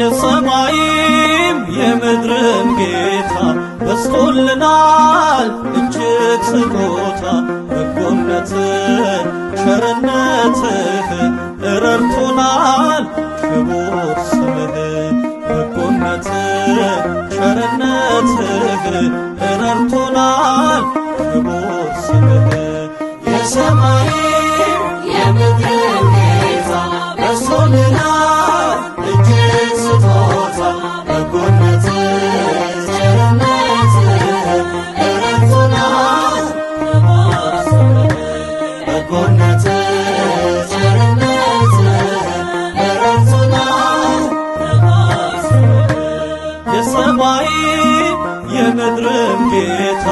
የሰማይም የምድርም ጌታ ገዝቶልናል እጅግ ስጦታ በጎነትን ቸርነትህ ፍቅርም ጌታ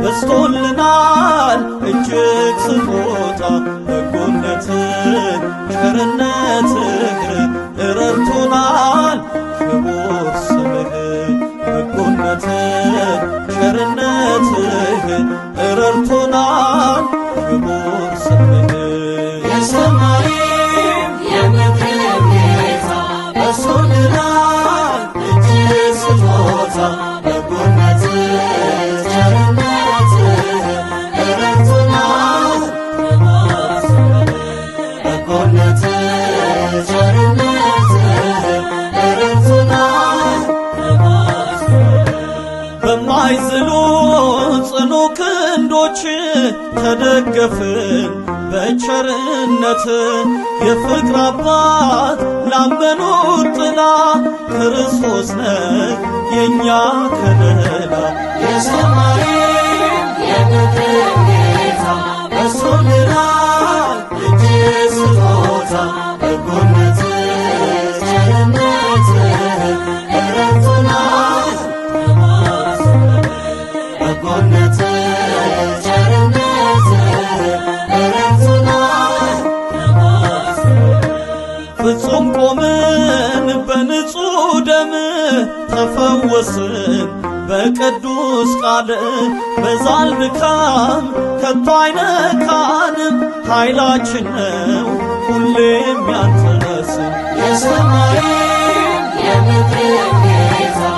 በስቶልናል እጅግ ስጦታ በጎነትን ቸርነት እግር ክቡር ስምህ ቸርነት እግር ክቡር ስምህ በማይዝሉ ጽኑ ክንዶች ተደገፍን በቸርነት የፍቅር አባት ላመኑ ጥላ ክርስቶስ ነው የእኛ ከለላ የሰማይ የምድር ጌታ በሱ ተጠበን በንጹሕ ደም ተፈወስን በቅዱስ ቃል በዛል ድካም ከቶ አይነካንም ኃይላችን ነው ሁሌም ያንተረስን የሰማይ የምድር ጌታ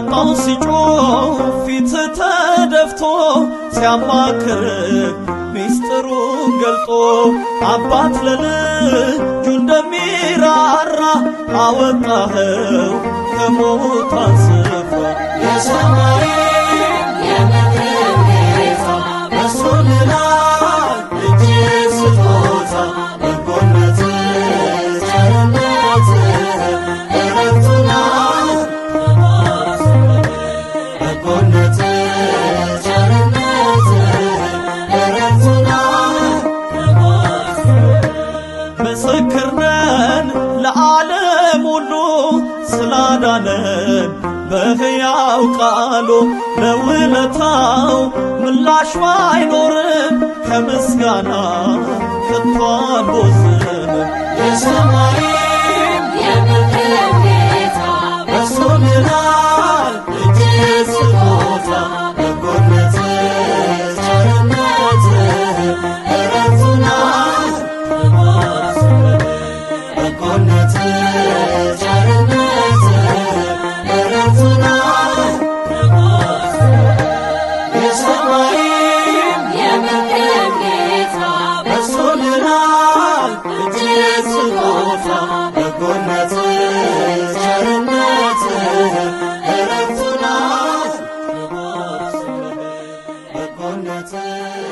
ሲያጣው ሲጮህ ፊት ተደፍቶ ሲያማክር ሚስጥሩ ገልጦ አባት ለልጁ እንደሚራራ አወጣኸው ከሞት አንስቶ የሰማይ ላዳነን በሕያው ቃሉ ለውለታው ምላሽ አይኖርም ከምስጋና የሰማይ That's it.